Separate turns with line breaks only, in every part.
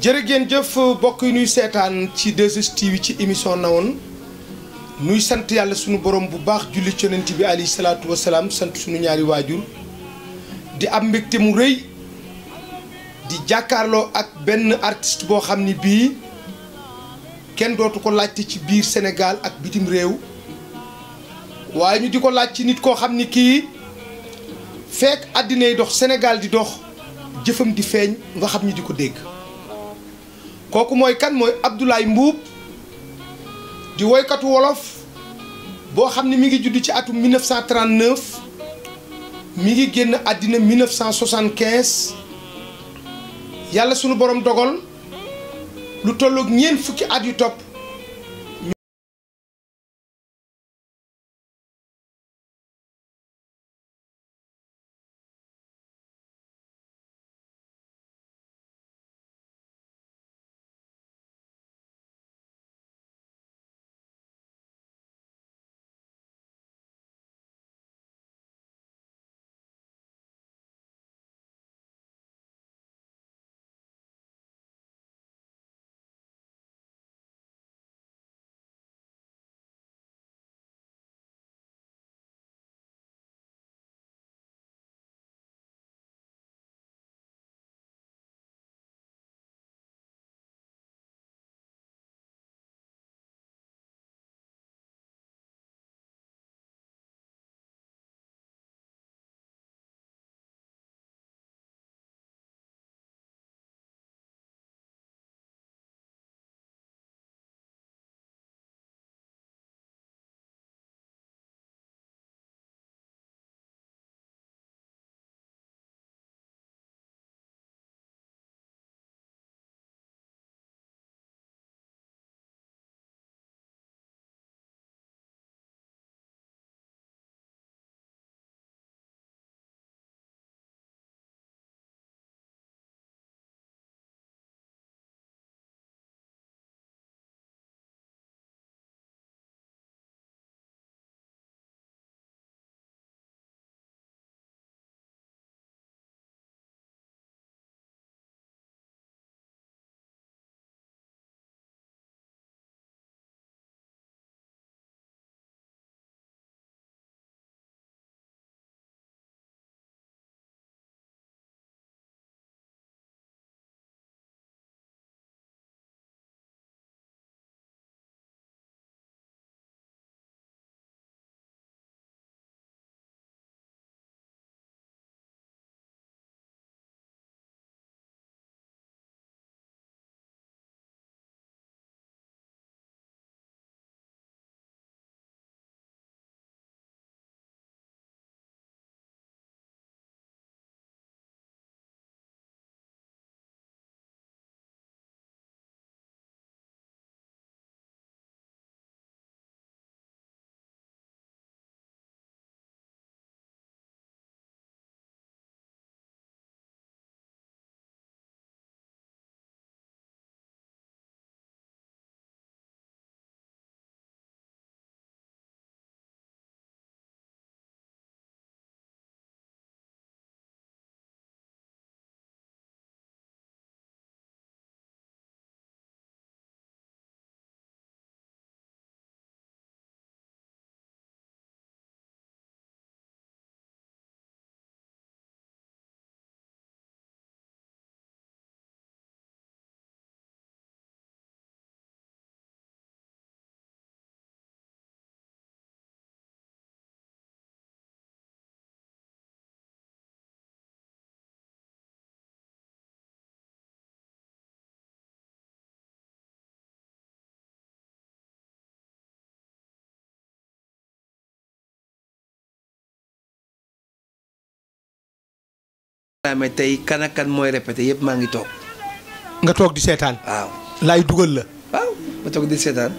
jërëgeen ngeen jëf bokk yi nuy seetaan ci 2STV ci émission na woon nuy sant yàlla sunu boroom bu baax julli ci yonent bi alayhi salaatu wasalaam sant sunu ñaari waajur di am mbégte mu rëy di jàkkaarloo ak benn artiste boo xam ni bii kenn dootu ko laajte ci biir Sénégal ak bitim réew waaye ñu di ko laaj ci nit koo xam ni kii fekk àddina yi dox senegal di dox jëfam di feeñ nga xam ñi di ko dégg kooku mooy kan mooy Abdoulaye Mbuub di woykatu wolof boo xam ne mi ngi judd ci atum 1939 mi ngi génn àddina 1975 yàlla sunu borom dogal lu tolloog ñeent fukki at yu topp amee tey kan ak mooy répété yëpp maa ngi toog. nga toog di seetaan. waaw
la. ma toog di seetaan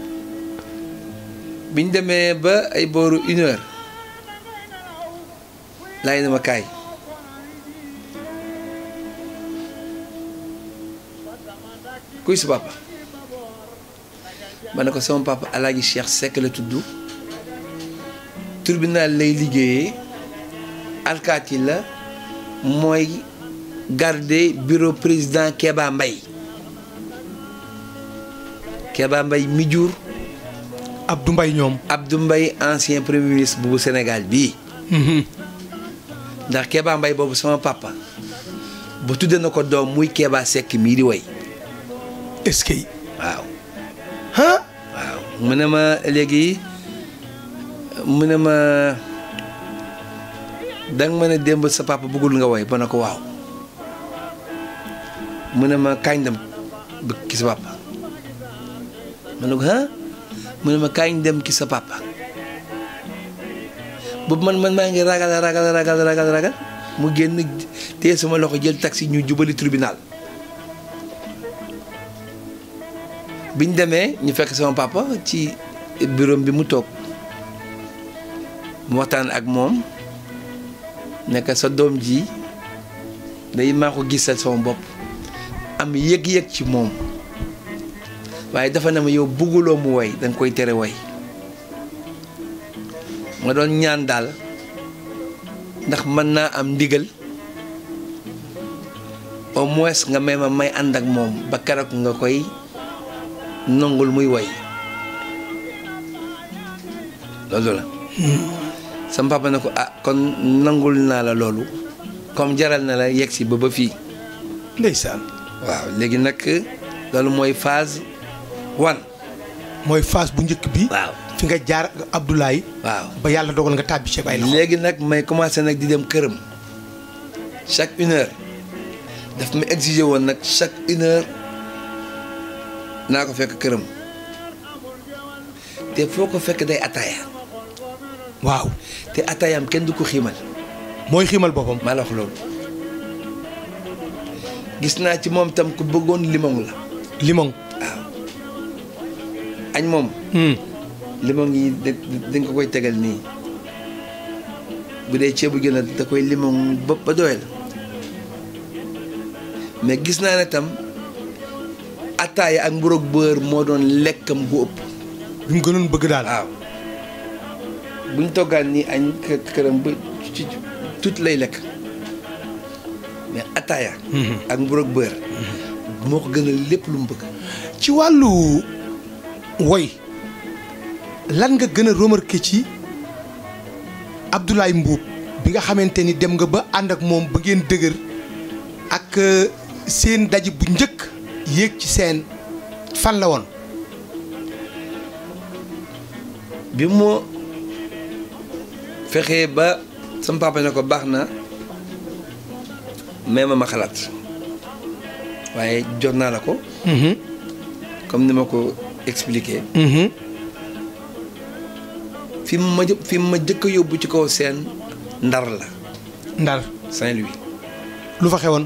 biñ demee ba ay booru une heure na kuy sa papa ko sama papa alaaji Cheikh Seck la tudd tribunal lay liggéeyee alkaati la. mooy garder bureau président kebaa mbay Kéba mbay mi jur Abdou Mbaye ñoom Abdou mbay ancien premier ministre bu Sénégal bii mhm. ndax Kéba mbay boobu sama papa bu tudde na ko doom muy Kéba Seck mii di way est waaw ah waaw mu ma léegi mu ne ma danga ma ne démb sa papa bëggul nga woy ba ne ko waaw mu ne ma kaañ dem ki sa papa ma ne ko ah mu ne ma kaañ dem ki sa papa boobu man man maa ngi ragal ragal ragal ragal ragal mu génn te sama loxo jël taxi ñu jubali tribunal biñ demee ñu fekk sama pàppa ci bureau bi mu toog mu waxtaan ak moom. nekk sa doom ji day maa ko gisal sama bopp am yëg-yëg ci moom waaye dafa ne ma yow bugguloo mu woy danga koy tere woy ma doon ñaan daal ndax mën naa am ndigal au moins nga may ma may ànd ak moom ba keroog nga koy nongul muy woy loolu la hmm. sa papa ne ko ah kon nangul naa la loolu comme jaral na la yegg si ba ba fii. ndeysaan. waaw léegi nag loolu mooy phase one. mooy phase bu njëkk bi. waaw fi nga jaar Abdoulaye. waaw ba yàlla dogal nga tàbbi ci la. léegi nag may commencé nag di dem këram chaque une heure daf ma exiger woon nag chaque une naa ko fekk këram te foo ko fekk day ataaya. waaw te ataayaam kenn du ko xiimal. mooy xiimal boppam. maa la wax loolu. gis naa ci moom tam ku bëggoon limon la. limon. waaw. añ moom. Hmm. limon yi dañ ko koy tegal nii bu dee ceebu jën la da koy limon ba ba doyal mais gis naa ne tam ataaya ak mburoog beurre moo doon lekkam bu ëpp. bi mu gënoon bëgg daal waaw. buñ toggaan ni añ këram ba ci tut lay lekk mais ataaya mm-hmm. ak mburoog bër mm-hmm. moo ko gën a lépp lu mu bëgg
ci wàllu woy lan nga gën a remarqué ci Abdoulaye Mbuub bi nga xamante ni dem nga ba ànd ak moom ba ngeen dëgër ak euh, seen daj bu njëkk yéeg ci seen fan la woon
fexe ba sama papa ne ko baax na mais ma ma xalaat waaye jot naa la ko. Mhm. comme ni ma ko expliqué. Mhm. fi mu ma fi mu ma jëkk a yóbbu ci kaw seen ndar la. ndar Saint-Louis.
lu fa xewoon.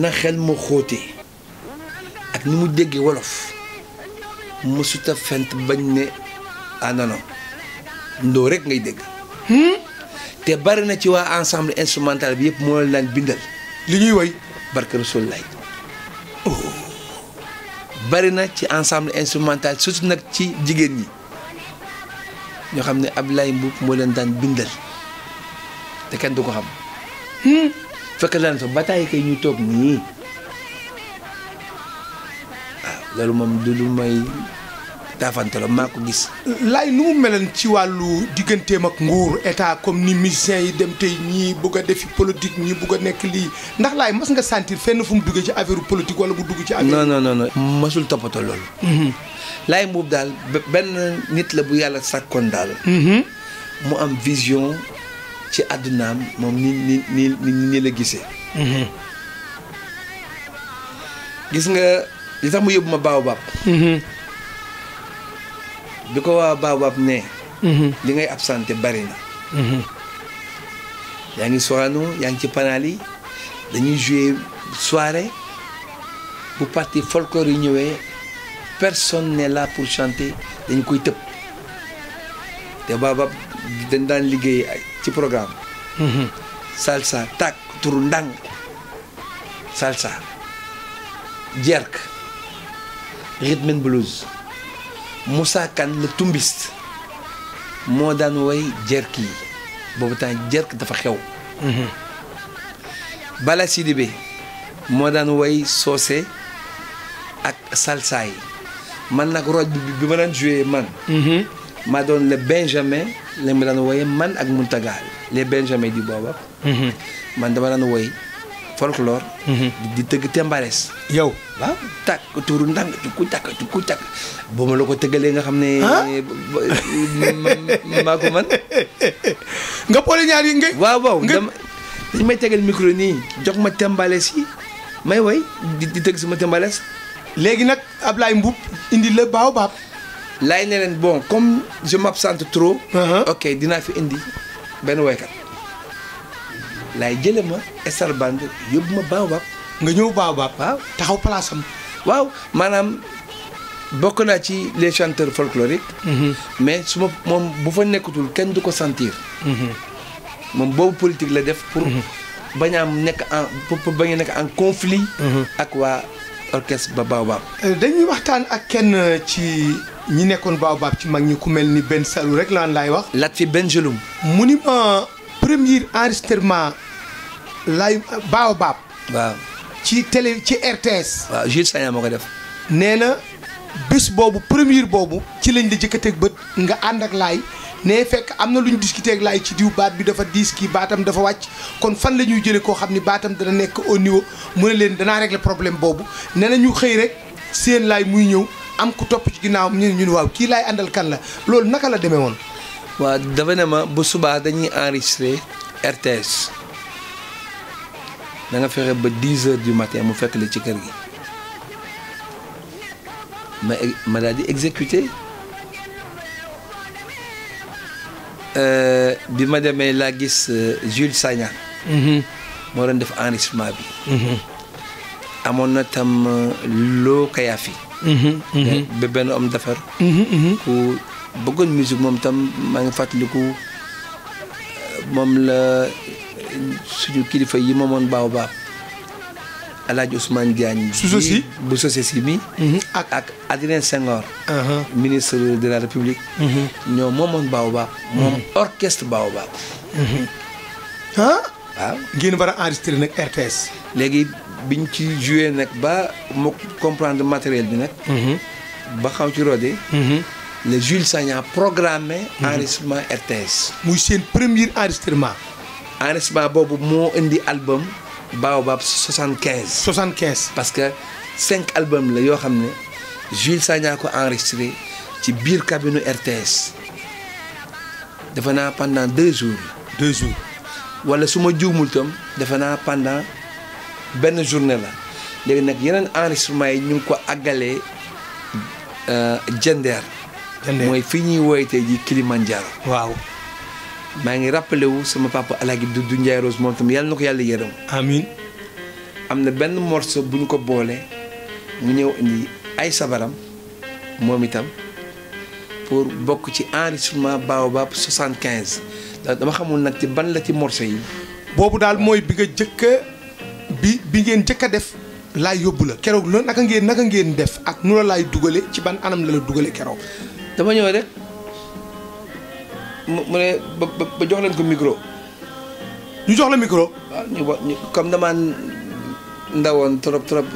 na xel mu xóotee
ak ni mu déggee wolof mësuta fent bañ ne anono ah, ndoo rek ngay dégg hmm? te bari na ci waa ensemble instrumental bi yëpp moo leen daan bindal li ñuy woy barke sol lay oh. bari na ci ensemble instrumental surtout nag ci jigéen ñi ñoo xam ne Ablaye Mboup moo leen daan bindal te kenn du ko xam hmm? fekk lan fa ba tàyyi kay ñuy toog nii waaw
ah, loolu moom du lu may daafantalo
maa ko gis
laay nu mu melen ci wàllu digganteem ak nguur état comme ni musiciens yi dem tey ñii bugg a defi politique ñii bugg a nekk lii ndax laay mas nga sentir fenn fu mu duggee ci affaire politique wala bu dugg ci affaire
non non non masul toppatoo loolu
mhm. laay mbuub daal benn nit la bu yàlla sàkkoon daal mhm.
mu am vision ci àddunaam moom ni ni ni ni la gisee mm-hmm. gis nga li tax mu yóbbu ma mm-hmm. bi ko waa baobab ne mm-hmm. li ngay absenté bari na yaa ngi Sorano yaa ngi ci panaal dañuy jouer soirée bu partie folklore yi ñëwee personne pour chanter dañu koy tëb te baobab dañ daan liggéey ci programme mm-hmm. salsa tak turu ndang salsa jerk rhythm and blues Moussa Kane la tumbiste moo daan woy jerk yi boobu temps jerk dafa xew mm-hmm. Bala Sidibé moo daan woy soose ak salsa yi man nag roj bi bi ma daan joué man mm-hmm. maa doon le benjamin lañ ma daan woyee man ak Muntaga les Benjamin di booba mhm. man dama daan woy folklore mhm. di tëgg tembarees yow waaw tàkk tuuru ndànk tukku tàkk tukku tàkk boo ma la ko tëggalee nga xam ne maa ko man nga boole ñaar yi nga waaw waaw dañ may tegal micro nii jox ma tembalees yi may woy di tëgg sama tembalees léegi nag Ablaye mbub indi la baaw baab laay ne leen bon comme je sant trop. Uh-huh. ok dinaa fi indi benn woykat. laay jële ma Estar Band yóbbu ma Baobab. nga ñëw Baobab. waaw taxaw place waaw maanaam bokk naa ci les chanteurs folkloriques. Mm-hmm. mais su ma moom bu fa nekkatul kenn du ko sentir. Mm-hmm. moom boobu politique la def pour. Mm-hmm. bañ a nekk en pour bañ a nekk en conflit. ak waa orchestre ba Baobab.
Euh, dañuy waxtaan ak kenn ci. ñi nekkoon baobab ci mag ñi ku mel ni benn salu rek laan laay wax. Latfi Benjelloun. mu ni ma premier enregistrement laay baobab. waaw ci tele ci RTS. waaw Jules Sagna moo ko def. nee na bés boobu premier boobu. ci lañ la jëkkateeg bët nga ànd ak laay ne fekk am na lu ñu discuter ak laay ci diw baat bi dafa diis kii baatam dafa wàcc kon fan la ñuy jëlee koo xam ni baatam dana nekk au niveau mu ne leen danaa régler problème boobu nee na ñu xëy rek seen laay muy ñëw. am ku topp ci ginnaawam ñu ñun waaw kii laay àndal kan la loolu naka la demee woon.
waaw dafa ne ma bu subaa dañuy enregistré RTS da fexe ba 10 heures du matin mu fekk la ci kër gi ma ma daal di exécuté euh, bi ma demee laa gis euh, Jules Sagna. Mhm. moo doon def enregistrement bi. Mhm. amoon na tam euh, loo kayaa Mhm, mhm. ba benn homme mhm, ku bëggoon musique moom tam maa ngi fàttaliku moom la suñu kilifa yi moomoon baaw baaw Alaaji Ousmane Diagne. su sosi bu sosi si bi. ak ak Adrien Senghor. Uh-huh. ministre de la République. ñoo moomoon Baobab. moom orchestre Baobab. ah. waaw ngeen war a enregistré nag RTS. léegi biñ ci joué nag ba mu comprendre matériel bi nag. Mhm. ba xaw ci rodé. Mhm. le Jules Sagna programmé. Mhm. enregistrement RTS. muy boobu moo indi album Baobab 75. 75 parce que cinq albums la yoo xam ne Jules Sagna ko enregistré ci biir cabine RTS defe naa pendant deux jours. su ma juumul tam naa pendant. benn journée la léegi nag yeneen enregistrement yi ñu ngi ko àggalee euh, Diender. mooy fi ñuy woytee ji Kilimanjaro. waaw. maa ngi rappelé wu sama papa Alaaji Doudou Ndiaye Rose moom tam yàlla na ko yàlla yërëm. amiin. am na benn morceau bu ñu ko boole mu ñëw indi ay sabaram moom itam pour bokk ci enregistrement
Baobab quinze dama xamul nag ci ban la ci morceau yi. boobu daal mooy bi nga jëkk bi bi ngeen njëkk a def laay yóbbu la keroog la naka ngeen naka ngeen def ak nu la laay dugale ci ban anam la la dugale keroog. dama ñëw rek mu ne ba ba jox leen ko micro. ñu jox la micro. waaw ñu
ba comme damaa ndawoon trop trop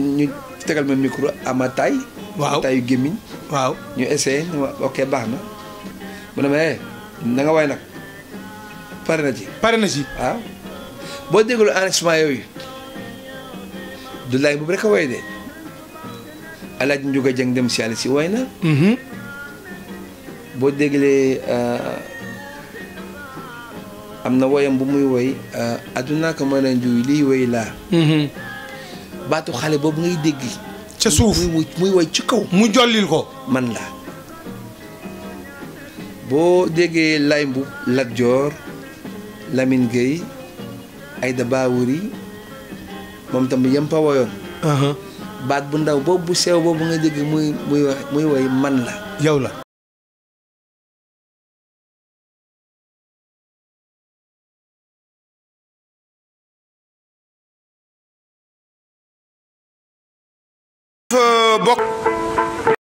ñu tegal ma micro ama tay waaw tayu gémmiñ waaw ñu essayé ok baax na. mu ne ma eh na nga nag pare na ci. pare na ci waaw. Ah. boo déglu enregistrement yooyu du laay boobu rek a way de alaaj Ndiouga Dieng dem si àll si way na mm-hmm. boo déglee uh, am na woyam muy woy uh, addunaa ko mën a njuuy woy laa mm-hmm. baatu xale ca suuf muy ci kaw mu jollil ko man laa boo déggee lay mbub Lat Joor Lamine Aïda Bawouri moom tamit yam fa woyoon. baat bu ndaw
boobu bu sew boobu nga dégg muy muy wax muy woy man la. yow la